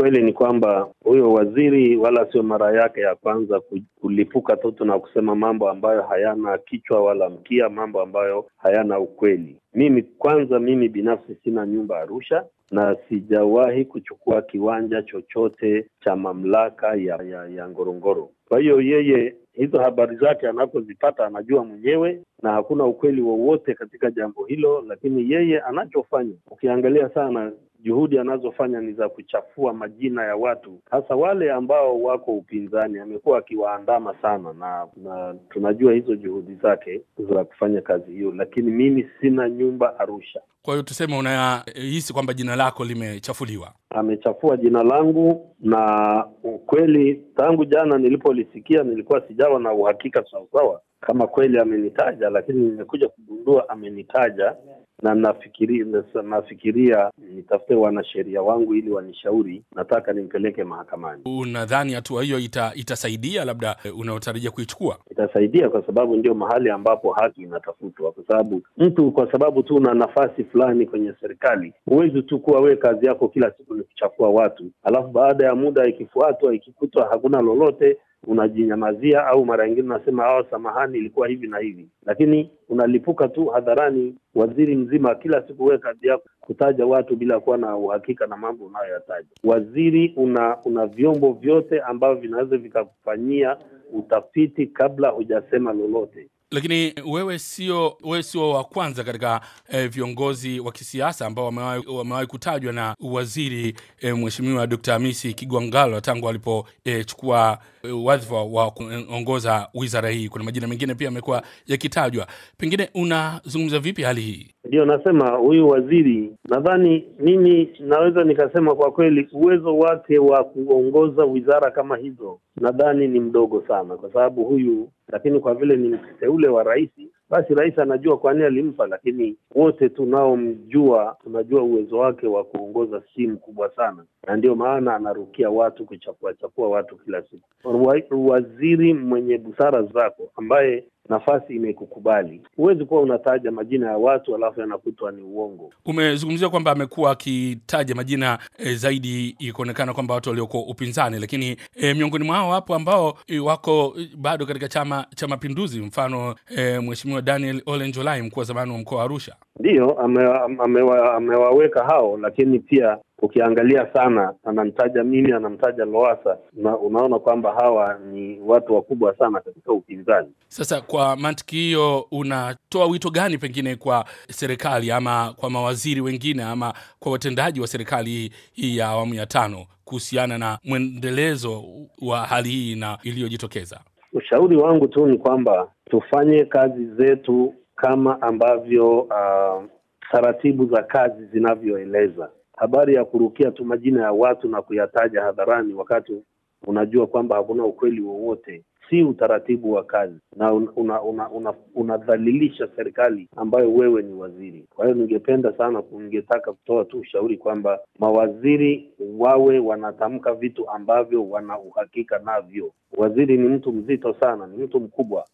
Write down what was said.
Ukweli ni kwamba huyo waziri wala sio mara yake ya kwanza kulipuka toto na kusema mambo ambayo hayana kichwa wala mkia, mambo ambayo hayana ukweli. Mimi kwanza, mimi binafsi sina nyumba Arusha na sijawahi kuchukua kiwanja chochote cha mamlaka ya, ya, ya Ngorongoro. Kwa hiyo yeye hizo habari zake anapozipata anajua mwenyewe, na hakuna ukweli wowote katika jambo hilo. Lakini yeye anachofanya, ukiangalia sana juhudi anazofanya ni za kuchafua majina ya watu, hasa wale ambao wako upinzani. Amekuwa akiwaandama sana na, na tunajua hizo juhudi zake za kufanya kazi hiyo, lakini mimi sina nyumba Arusha. Kwa hiyo tuseme, unahisi kwamba jina lako limechafuliwa? Amechafua jina langu, na ukweli, tangu jana nilipolisikia nilikuwa sijawa na uhakika sawasawa kama kweli amenitaja, lakini nimekuja kugundua amenitaja na nafikiri, nafikiria nitafute wanasheria wangu ili wanishauri, nataka nimpeleke mahakamani. Unadhani hatua hiyo ita, itasaidia labda eh, unaotarajia kuichukua? Itasaidia kwa sababu ndio mahali ambapo haki inatafutwa, kwa sababu mtu, kwa sababu tu una nafasi fulani kwenye serikali, huwezi tu kuwa wewe kazi yako kila siku ni kuchafua watu, alafu baada ya muda ikifuatwa ikikutwa hakuna lolote unajinyamazia au mara nyingine unasema hawa, oh, samahani, ilikuwa hivi na hivi, lakini unalipuka tu hadharani, waziri mzima kila siku. huwe kazi yako kutaja watu bila kuwa na uhakika na mambo unayoyataja. Waziri una, una vyombo vyote ambavyo vinaweza vikakufanyia utafiti kabla hujasema lolote. Lakini wewe sio wewe sio wa kwanza katika eh, viongozi wa kisiasa ambao wamewahi kutajwa na waziri eh, Mheshimiwa Dkt. Hamisi kigwangalo tangu alipochukua eh, eh, wadhifa wa kuongoza wizara hii. Kuna majina mengine pia yamekuwa yakitajwa, pengine unazungumza vipi hali hii? ndio nasema huyu waziri, nadhani mimi naweza nikasema kwa kweli, uwezo wake wa kuongoza wizara kama hizo nadhani ni mdogo sana, kwa sababu huyu, lakini kwa vile ni mteule wa rais, basi rais anajua kwa nini alimpa, lakini wote tunaomjua tunajua uwezo wake wa kuongoza si mkubwa sana, na ndio maana anarukia watu kuchapua watu kila siku. Waziri mwenye busara zako ambaye nafasi imekukubali. Huwezi kuwa unataja majina ya watu alafu yanakutwa ni uongo. Umezungumzia kwamba amekuwa akitaja majina e, zaidi ikuonekana kwamba watu walioko upinzani, lakini e, miongoni mwao wapo ambao e, wako e, bado katika Chama cha Mapinduzi, mfano e, Mheshimiwa Daniel Ole mkuu wa zamani wa mkoa wa Arusha. Ndiyo, amewa, ame, amewaweka hao, lakini pia ukiangalia sana anamtaja mimi, anamtaja loasa na unaona kwamba hawa ni watu wakubwa sana katika upinzani. Sasa kwa mantiki hiyo, unatoa wito gani pengine kwa serikali ama kwa mawaziri wengine ama kwa watendaji wa serikali hii ya awamu ya tano kuhusiana na mwendelezo wa hali hii na iliyojitokeza? Ushauri wangu tu ni kwamba tufanye kazi zetu kama ambavyo uh, taratibu za kazi zinavyoeleza. Habari ya kurukia tu majina ya watu na kuyataja hadharani wakati unajua kwamba hakuna ukweli wowote si utaratibu wa kazi na unadhalilisha una, una, una serikali ambayo wewe ni waziri. Kwa hiyo ningependa sana, ningetaka kutoa tu ushauri kwamba mawaziri wawe wanatamka vitu ambavyo wana uhakika navyo. Waziri ni mtu mzito sana, ni mtu mkubwa.